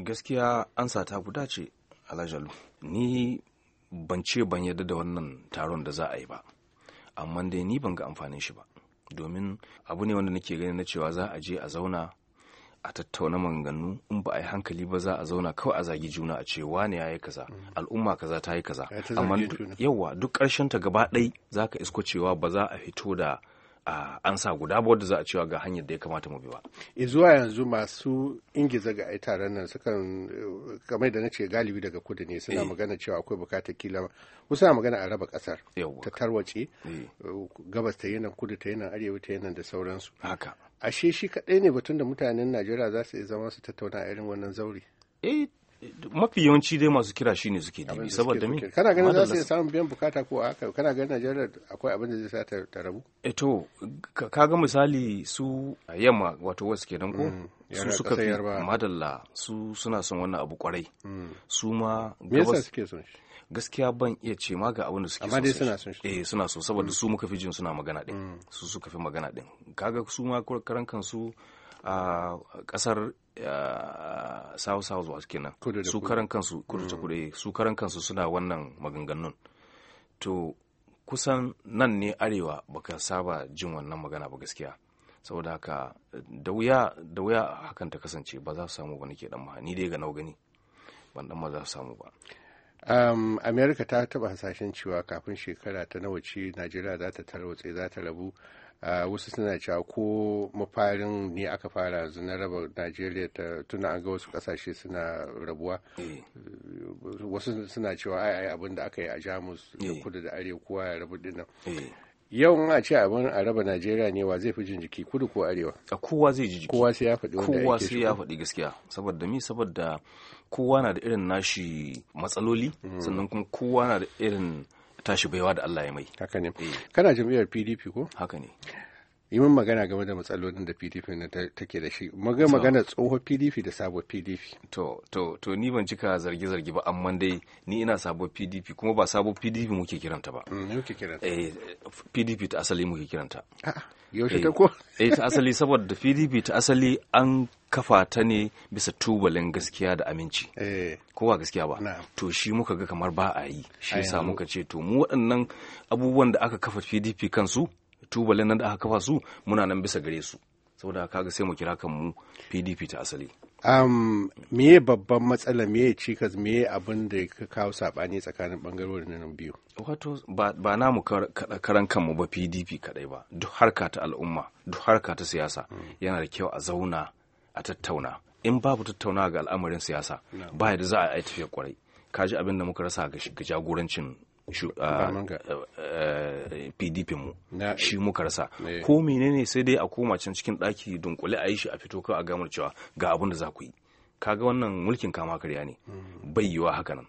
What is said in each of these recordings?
gaskiya Ansa ta guda ce alajalu ni ban ce ban yarda da wannan taron da za a yi ba amma dai ni ban ga amfanin shi ba domin abu ne wanda nake gani na cewa za a je a zauna a tattauna maganganu in ba a yi hankali ba za a zauna kawai a zagi juna a ce wane ya yi kaza mm. al'umma kaza ta yi kaza amma yawa duk ƙarshen ta gaba ɗai za ka isko cewa ba za a fito da an sa guda ba wadda za a cewa ga hanyar da ya kamata mu bi ba. E, zuwa yanzu masu ingiza ga ai taron nan sukan kamar da na ce galibi daga kudu ne suna eh. magana cewa akwai bukatar kila kusa magana a raba kasar ta tarwace eh. gabas ta yanan kudu ta yanan arewa ta yanan da sauransu haka ashe shi kaɗai ne batun da mutanen najeriya za su iya zama su tattauna irin wannan zauri eh mafi yawanci dai masu kira ne suke dibi saboda mi kana ganin za su iya samun biyan bukata ko a haka kana ganin Najeriya akwai abin da zai sa ta rabu eh to ga misali su a yamma wato wasu kenan ko mm, su suka fi madalla su suna son wannan abu kwarai mm. su ma gabas suke son shi gaskiya ban iya ce ma ga abin da suke so suna son shi eh suna so saboda mm. su muka fi jin suna magana din su suka fi magana din kaga su ma karan kansu a kasar south south wasu kenan su karan kansu kudu da mm. kudu eh, su karan kansu suna wannan maganganun to kusan nan ne arewa baka saba jin wannan magana ba gaskiya saboda haka da wuya da wuya hakan ta kasance ba za su samu ba nake dan ma ni dai ga nau gani ban dan ma za su samu ba um, ta taba hasashen cewa kafin shekara ta nawa ce najeriya za ta tarwatse za ta rabu uh, wasu suna cewa ko mafarin ne aka fara yanzu na raba najeriya ta tuna an ga wasu kasashe suna rabuwa eh. wasu suna cewa ai abin da aka yi a jamus da eh. kudu da arewa kowa ya rabu dinnan eh. yau a ce abin a raba najeriya ne wa zai fi jin jiki kudu ko arewa a kowa zai ji jiki kowa sai ya faɗi wanda kowa sai ya faɗi gaskiya saboda mi saboda kowa na da irin nashi matsaloli mm. sannan kuma kowa na da irin tashi baiwa da Allah ya mai haka ne eh. kana jam'iyyar PDP ko haka ne yi min magana game da matsalolin da pdp na take da shi maga magana tsohon pdp da sabon pdp to to to ni ban cika zarge zarge ba amma dai ni ina sabon pdp kuma ba sabon pdp muke kiranta ba mm, muke kiranta eh pdp ta asali muke kiranta ah, yaushe eh, ta ko eh ta asali saboda pdp ta asali an kafa ta ne bisa tubalin gaskiya da aminci eh. ko ba gaskiya ba to shi muka ga kamar ba a yi shi yasa muka ce to mu waɗannan abubuwan da aka kafa pdp kansu tubalin nan da aka kafa su muna nan bisa gare su saboda kaga sai mu kira kanmu pdp ta asali um, meye babban matsala meye cikas meye abin da ka kawo saɓani tsakanin na nan biyu wato ba na mu karan kanmu ba pdp kadai ba duk harka ta al'umma duk harka ta siyasa hmm. yana da kyau a zauna a tattauna in babu tattauna ga al'amarin siyasa ba da za a yi tafiyar kwarai kaji abin da muka rasa ga jagorancin pdp mu shi muka rasa eh. ko menene sai dai a koma can cikin ɗaki dunkule a yi shi a fito kawai a gamar cewa ga abin da za ku yi kaga wannan mulkin kama karya ne mm. bai yiwa haka nan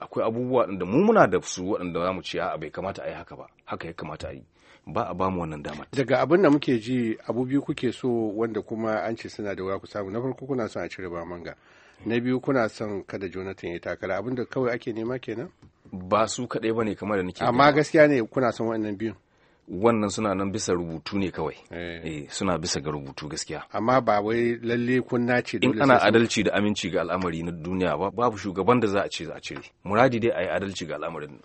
akwai abubuwa da mu muna da su waɗanda za mu ce a bai kamata a yi haka ba haka ya kamata a yi ba a bamu wannan damar. daga abin da muke ji abu biyu kuke so wanda kuma an ce suna da wuya ku samu na farko kuna son a cire ba manga na biyu kuna son kada jonathan ya takara abinda da kawai ake nema kenan ba su kaɗai ba ne kamar da nake amma gaskiya ne kuna son wannan biyun wannan suna nan bisa rubutu ne kawai eh. eh suna bisa ga rubutu gaskiya amma ba wai lalle kun ce. dole in ana adalci da aminci ga al'amari na duniya ba babu shugaban da za a ce za a cire muradi dai a yi adalci ga al'amarin